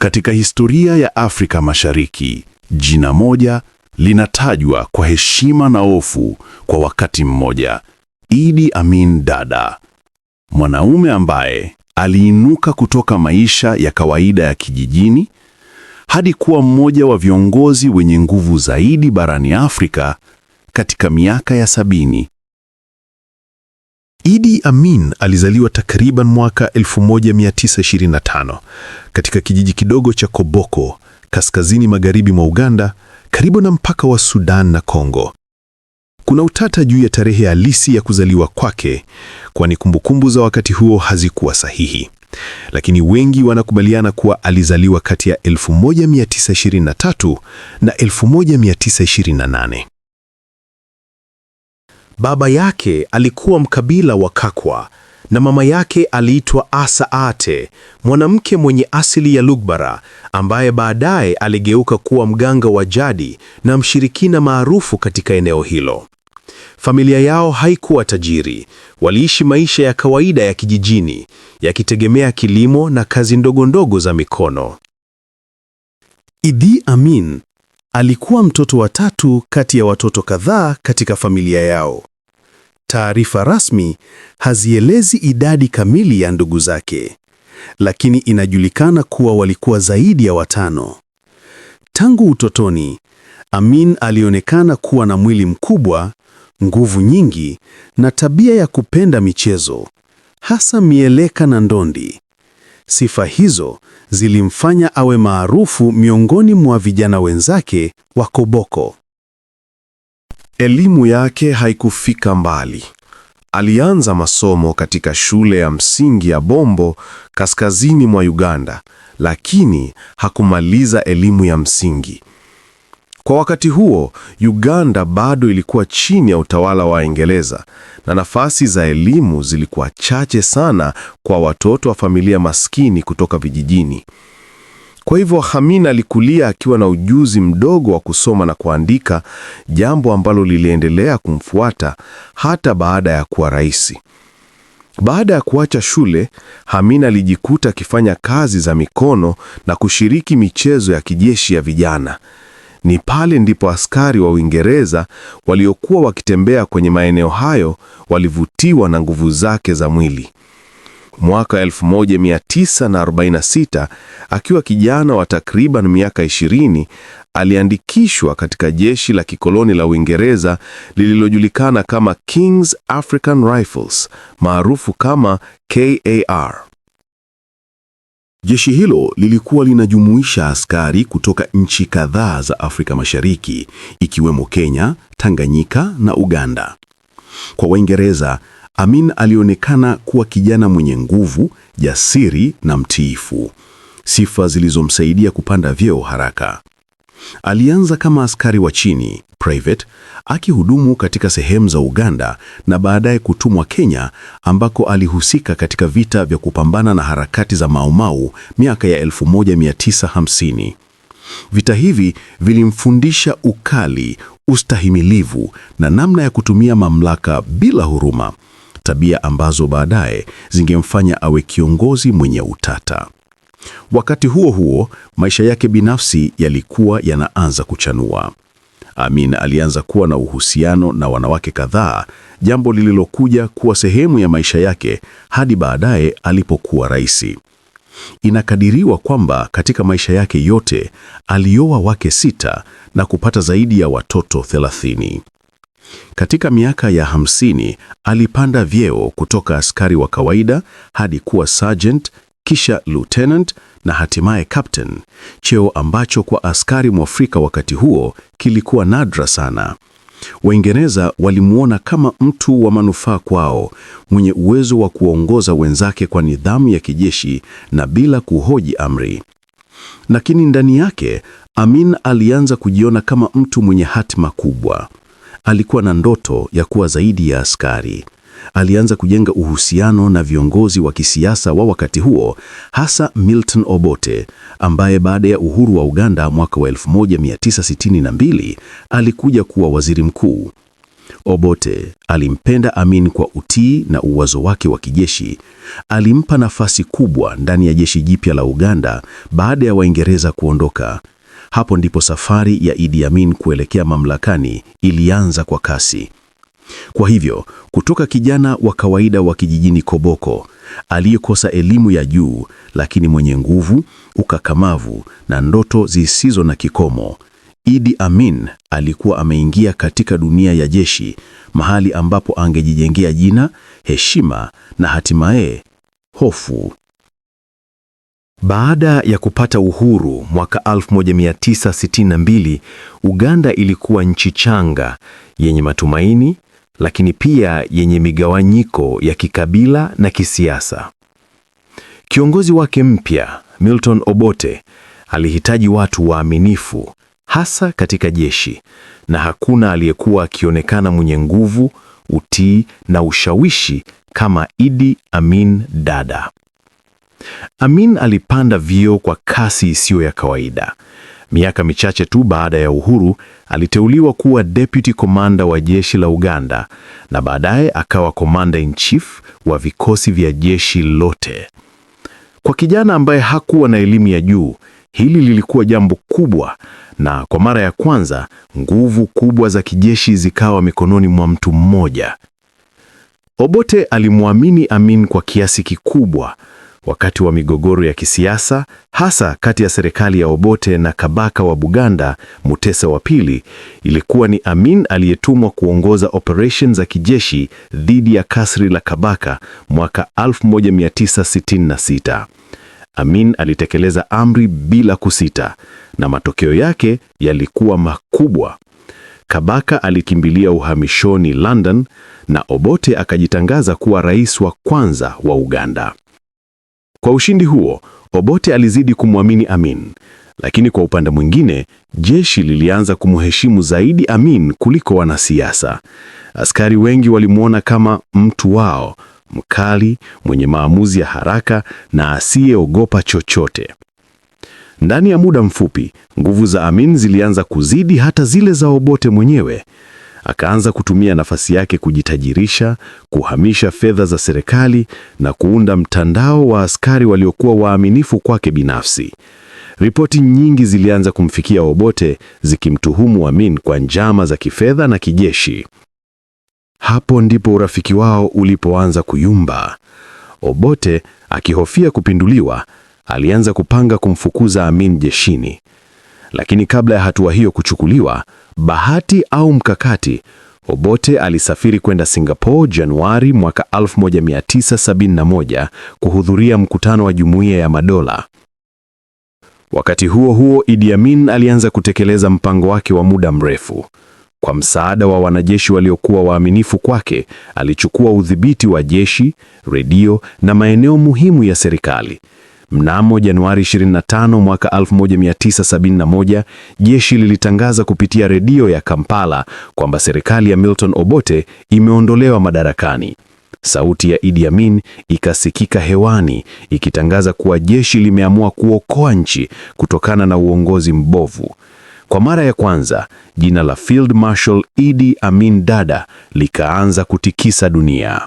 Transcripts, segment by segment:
Katika historia ya Afrika Mashariki, jina moja linatajwa kwa heshima na hofu kwa wakati mmoja: Idi Amin Dada, mwanaume ambaye aliinuka kutoka maisha ya kawaida ya kijijini hadi kuwa mmoja wa viongozi wenye nguvu zaidi barani Afrika katika miaka ya sabini. Idi Amin alizaliwa takriban mwaka 1925 katika kijiji kidogo cha Koboko, kaskazini magharibi mwa Uganda, karibu na mpaka wa Sudan na Kongo. Kuna utata juu ya tarehe halisi ya kuzaliwa kwake, kwani kumbukumbu za wakati huo hazikuwa sahihi, lakini wengi wanakubaliana kuwa alizaliwa kati ya 1923 na 1928. Baba yake alikuwa mkabila wa Kakwa na mama yake aliitwa Asa Ate, mwanamke mwenye asili ya Lugbara ambaye baadaye aligeuka kuwa mganga wa jadi na mshirikina maarufu katika eneo hilo. Familia yao haikuwa tajiri, waliishi maisha ya kawaida ya kijijini yakitegemea kilimo na kazi ndogo ndogo za mikono. Idi Amin Alikuwa mtoto wa tatu kati ya watoto kadhaa katika familia yao. Taarifa rasmi hazielezi idadi kamili ya ndugu zake, lakini inajulikana kuwa walikuwa zaidi ya watano. Tangu utotoni, Amin alionekana kuwa na mwili mkubwa, nguvu nyingi na tabia ya kupenda michezo, hasa mieleka na ndondi. Sifa hizo zilimfanya awe maarufu miongoni mwa vijana wenzake wa Koboko. Elimu yake haikufika mbali. Alianza masomo katika shule ya msingi ya Bombo kaskazini mwa Uganda, lakini hakumaliza elimu ya msingi. Kwa wakati huo, Uganda bado ilikuwa chini ya utawala wa Waingereza na nafasi za elimu zilikuwa chache sana kwa watoto wa familia maskini kutoka vijijini. Kwa hivyo hamin alikulia akiwa na ujuzi mdogo wa kusoma na kuandika, jambo ambalo liliendelea kumfuata hata baada ya kuwa rais. Baada ya kuacha shule, hamin alijikuta akifanya kazi za mikono na kushiriki michezo ya kijeshi ya vijana. Ni pale ndipo askari wa Uingereza waliokuwa wakitembea kwenye maeneo hayo walivutiwa na nguvu zake za mwili. Mwaka 1946 akiwa kijana wa takriban miaka 20, aliandikishwa katika jeshi la kikoloni la Uingereza lililojulikana kama King's African Rifles, maarufu kama KAR. Jeshi hilo lilikuwa linajumuisha askari kutoka nchi kadhaa za Afrika Mashariki ikiwemo Kenya, Tanganyika na Uganda. Kwa Waingereza, Amin alionekana kuwa kijana mwenye nguvu, jasiri na mtiifu, sifa zilizomsaidia kupanda vyeo haraka. Alianza kama askari wa chini, private akihudumu katika sehemu za Uganda na baadaye kutumwa Kenya ambako alihusika katika vita vya kupambana na harakati za Mau Mau miaka ya 1950. Vita hivi vilimfundisha ukali, ustahimilivu na namna ya kutumia mamlaka bila huruma, tabia ambazo baadaye zingemfanya awe kiongozi mwenye utata. Wakati huo huo, maisha yake binafsi yalikuwa yanaanza kuchanua. Amin alianza kuwa na uhusiano na wanawake kadhaa, jambo lililokuja kuwa sehemu ya maisha yake hadi baadaye alipokuwa rais. Inakadiriwa kwamba katika maisha yake yote alioa wake sita na kupata zaidi ya watoto thelathini. Katika miaka ya hamsini alipanda vyeo kutoka askari wa kawaida hadi kuwa sergeant, kisha lieutenant na hatimaye captain, cheo ambacho kwa askari Mwafrika wakati huo kilikuwa nadra sana. Waingereza walimwona kama mtu wa manufaa kwao, mwenye uwezo wa kuongoza wenzake kwa nidhamu ya kijeshi na bila kuhoji amri. Lakini ndani yake Amin alianza kujiona kama mtu mwenye hatima kubwa. Alikuwa na ndoto ya kuwa zaidi ya askari alianza kujenga uhusiano na viongozi wa kisiasa wa wakati huo, hasa Milton Obote ambaye baada ya uhuru wa Uganda mwaka wa 1962 alikuja kuwa waziri mkuu. Obote alimpenda Amin kwa utii na uwazo wake wa kijeshi. Alimpa nafasi kubwa ndani ya jeshi jipya la Uganda baada ya Waingereza kuondoka. Hapo ndipo safari ya Idi Amin kuelekea mamlakani ilianza kwa kasi. Kwa hivyo, kutoka kijana wa kawaida wa kijijini Koboko aliyekosa elimu ya juu, lakini mwenye nguvu, ukakamavu na ndoto zisizo na kikomo, Idi Amin alikuwa ameingia katika dunia ya jeshi, mahali ambapo angejijengea jina, heshima na hatimaye hofu. Baada ya kupata uhuru mwaka 1962, Uganda ilikuwa nchi changa yenye matumaini lakini pia yenye migawanyiko ya kikabila na kisiasa. Kiongozi wake mpya Milton Obote alihitaji watu waaminifu, hasa katika jeshi, na hakuna aliyekuwa akionekana mwenye nguvu, utii na ushawishi kama Idi Amin Dada. Amin alipanda vio kwa kasi isiyo ya kawaida. Miaka michache tu baada ya uhuru, aliteuliwa kuwa deputy komanda wa jeshi la Uganda na baadaye akawa komanda in chief wa vikosi vya jeshi lote. Kwa kijana ambaye hakuwa na elimu ya juu, hili lilikuwa jambo kubwa, na kwa mara ya kwanza nguvu kubwa za kijeshi zikawa mikononi mwa mtu mmoja. Obote alimwamini Amin kwa kiasi kikubwa wakati wa migogoro ya kisiasa, hasa kati ya serikali ya Obote na kabaka wa Buganda Mutesa wa pili, ilikuwa ni Amin aliyetumwa kuongoza operation za kijeshi dhidi ya kasri la kabaka mwaka 1966. Amin alitekeleza amri bila kusita na matokeo yake yalikuwa makubwa. Kabaka alikimbilia uhamishoni London na Obote akajitangaza kuwa rais wa kwanza wa Uganda. Kwa ushindi huo, Obote alizidi kumwamini Amin, lakini kwa upande mwingine, jeshi lilianza kumheshimu zaidi Amin kuliko wanasiasa. Askari wengi walimwona kama mtu wao, mkali, mwenye maamuzi ya haraka na asiyeogopa chochote. Ndani ya muda mfupi, nguvu za Amin zilianza kuzidi hata zile za Obote mwenyewe. Akaanza kutumia nafasi yake kujitajirisha, kuhamisha fedha za serikali na kuunda mtandao wa askari waliokuwa waaminifu kwake binafsi. Ripoti nyingi zilianza kumfikia Obote zikimtuhumu Amin kwa njama za kifedha na kijeshi. Hapo ndipo urafiki wao ulipoanza kuyumba. Obote akihofia kupinduliwa, alianza kupanga kumfukuza Amin jeshini. Lakini kabla ya hatua hiyo kuchukuliwa, bahati au mkakati, Obote alisafiri kwenda Singapore Januari mwaka 1971 kuhudhuria mkutano wa Jumuiya ya Madola. Wakati huo huo, Idi Amin alianza kutekeleza mpango wake wa muda mrefu. Kwa msaada wa wanajeshi waliokuwa waaminifu kwake, alichukua udhibiti wa jeshi, redio na maeneo muhimu ya serikali. Mnamo Januari 25 mwaka 1971, jeshi lilitangaza kupitia redio ya Kampala kwamba serikali ya Milton Obote imeondolewa madarakani. Sauti ya Idi Amin ikasikika hewani ikitangaza kuwa jeshi limeamua kuokoa nchi kutokana na uongozi mbovu. Kwa mara ya kwanza, jina la Field Marshal Idi Amin Dada likaanza kutikisa dunia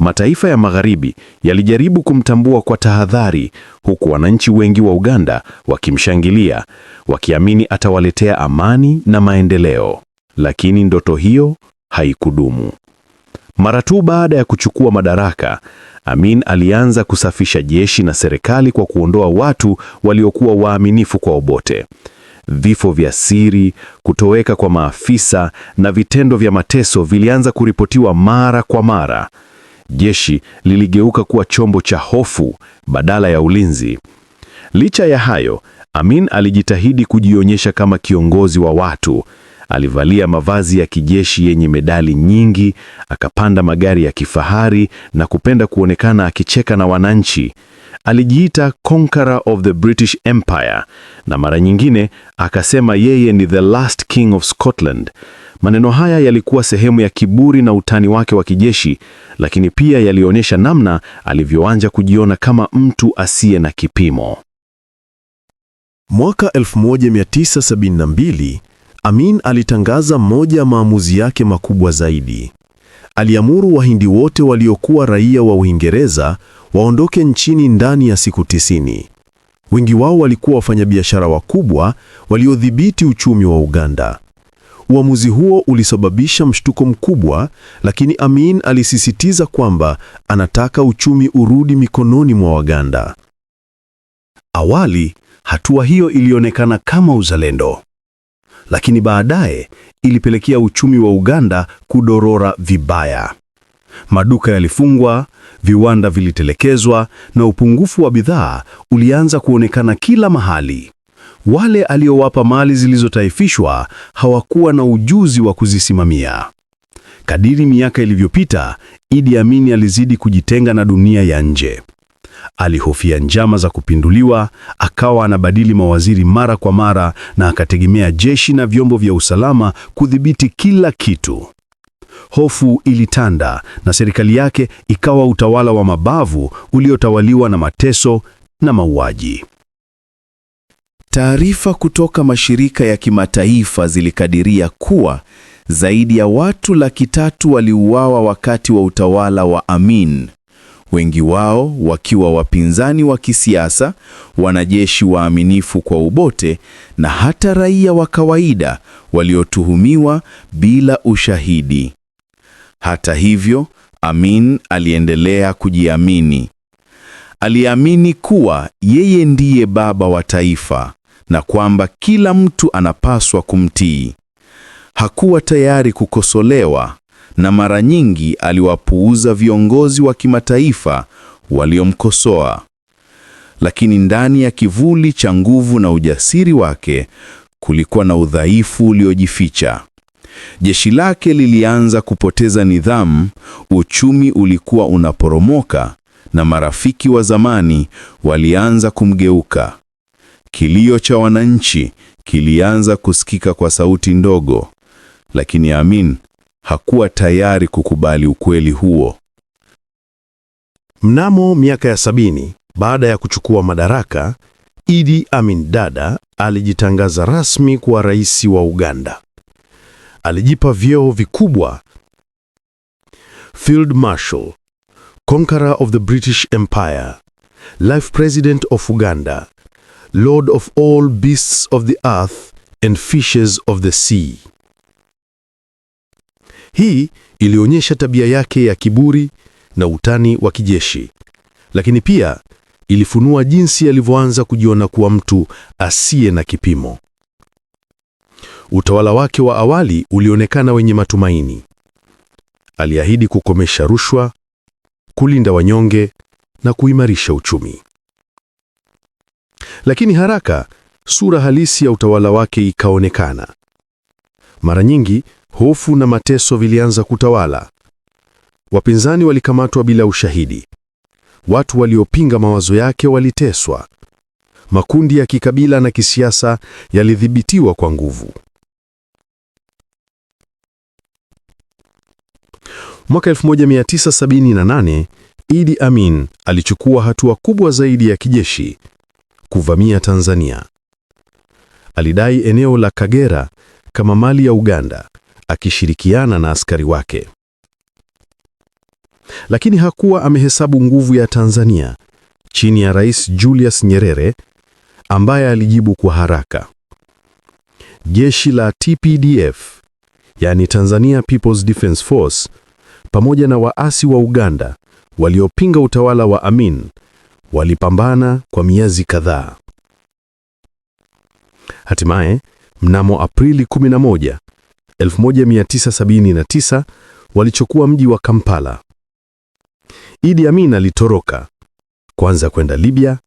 mataifa ya Magharibi yalijaribu kumtambua kwa tahadhari, huku wananchi wengi wa Uganda wakimshangilia, wakiamini atawaletea amani na maendeleo. Lakini ndoto hiyo haikudumu. Mara tu baada ya kuchukua madaraka, Amin alianza kusafisha jeshi na serikali kwa kuondoa watu waliokuwa waaminifu kwa Obote. Vifo vya siri, kutoweka kwa maafisa na vitendo vya mateso vilianza kuripotiwa mara kwa mara jeshi liligeuka kuwa chombo cha hofu badala ya ulinzi. Licha ya hayo, Amin alijitahidi kujionyesha kama kiongozi wa watu, Alivalia mavazi ya kijeshi yenye medali nyingi, akapanda magari ya kifahari na kupenda kuonekana akicheka na wananchi. Alijiita Conqueror of the British Empire na mara nyingine akasema yeye ni the last king of Scotland. Maneno haya yalikuwa sehemu ya kiburi na utani wake wa kijeshi, lakini pia yalionyesha namna alivyoanza kujiona kama mtu asiye na kipimo. Mwaka 1972 Amin alitangaza moja ya maamuzi yake makubwa zaidi. Aliamuru Wahindi wote waliokuwa raia wa Uingereza waondoke nchini ndani ya siku tisini. Wengi wao walikuwa wafanyabiashara wakubwa waliodhibiti uchumi wa Uganda. Uamuzi huo ulisababisha mshtuko mkubwa, lakini Amin alisisitiza kwamba anataka uchumi urudi mikononi mwa Waganda. Awali, hatua hiyo ilionekana kama uzalendo, lakini baadaye ilipelekea uchumi wa Uganda kudorora vibaya. Maduka yalifungwa, viwanda vilitelekezwa na upungufu wa bidhaa ulianza kuonekana kila mahali. Wale aliowapa mali zilizotaifishwa hawakuwa na ujuzi wa kuzisimamia. Kadiri miaka ilivyopita, Idi Amin alizidi kujitenga na dunia ya nje. Alihofia njama za kupinduliwa, akawa anabadili mawaziri mara kwa mara na akategemea jeshi na vyombo vya usalama kudhibiti kila kitu. Hofu ilitanda na serikali yake ikawa utawala wa mabavu uliotawaliwa na mateso na mauaji. Taarifa kutoka mashirika ya kimataifa zilikadiria kuwa zaidi ya watu laki tatu waliuawa wakati wa utawala wa Amin wengi wao wakiwa wapinzani wa kisiasa, wanajeshi waaminifu kwa ubote, na hata raia wa kawaida waliotuhumiwa bila ushahidi. Hata hivyo, Amin aliendelea kujiamini. Aliamini kuwa yeye ndiye baba wa taifa na kwamba kila mtu anapaswa kumtii. Hakuwa tayari kukosolewa na mara nyingi aliwapuuza viongozi wa kimataifa waliomkosoa. Lakini ndani ya kivuli cha nguvu na ujasiri wake kulikuwa na udhaifu uliojificha. Jeshi lake lilianza kupoteza nidhamu, uchumi ulikuwa unaporomoka, na marafiki wa zamani walianza kumgeuka. Kilio cha wananchi kilianza kusikika kwa sauti ndogo, lakini Amin hakuwa tayari kukubali ukweli huo. Mnamo miaka ya sabini, baada ya kuchukua madaraka, Idi Amin Dada alijitangaza rasmi kuwa rais wa Uganda. Alijipa vyeo vikubwa: Field Marshal, Conqueror of the British Empire, Life President of Uganda, Lord of all beasts of the earth and fishes of the sea. Hii ilionyesha tabia yake ya kiburi na utani wa kijeshi, lakini pia ilifunua jinsi alivyoanza kujiona kuwa mtu asiye na kipimo. Utawala wake wa awali ulionekana wenye matumaini. Aliahidi kukomesha rushwa, kulinda wanyonge na kuimarisha uchumi. Lakini haraka sura halisi ya utawala wake ikaonekana. Mara nyingi hofu na mateso vilianza kutawala. Wapinzani walikamatwa bila ushahidi, watu waliopinga mawazo yake waliteswa, makundi ya kikabila na kisiasa yalidhibitiwa kwa nguvu. Mwaka 1978 Idi Amin alichukua hatua kubwa zaidi ya kijeshi, kuvamia Tanzania. Alidai eneo la Kagera kama mali ya Uganda akishirikiana na askari wake. Lakini hakuwa amehesabu nguvu ya Tanzania chini ya Rais Julius Nyerere ambaye alijibu kwa haraka. Jeshi la TPDF, yani Tanzania People's Defence Force, pamoja na waasi wa Uganda waliopinga utawala wa Amin walipambana kwa miezi kadhaa. Hatimaye mnamo Aprili 11, 1979 walichukua mji wa Kampala. Idi Amin alitoroka kwanza kwenda Libya,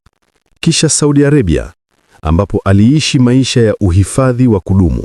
kisha Saudi Arabia ambapo aliishi maisha ya uhifadhi wa kudumu.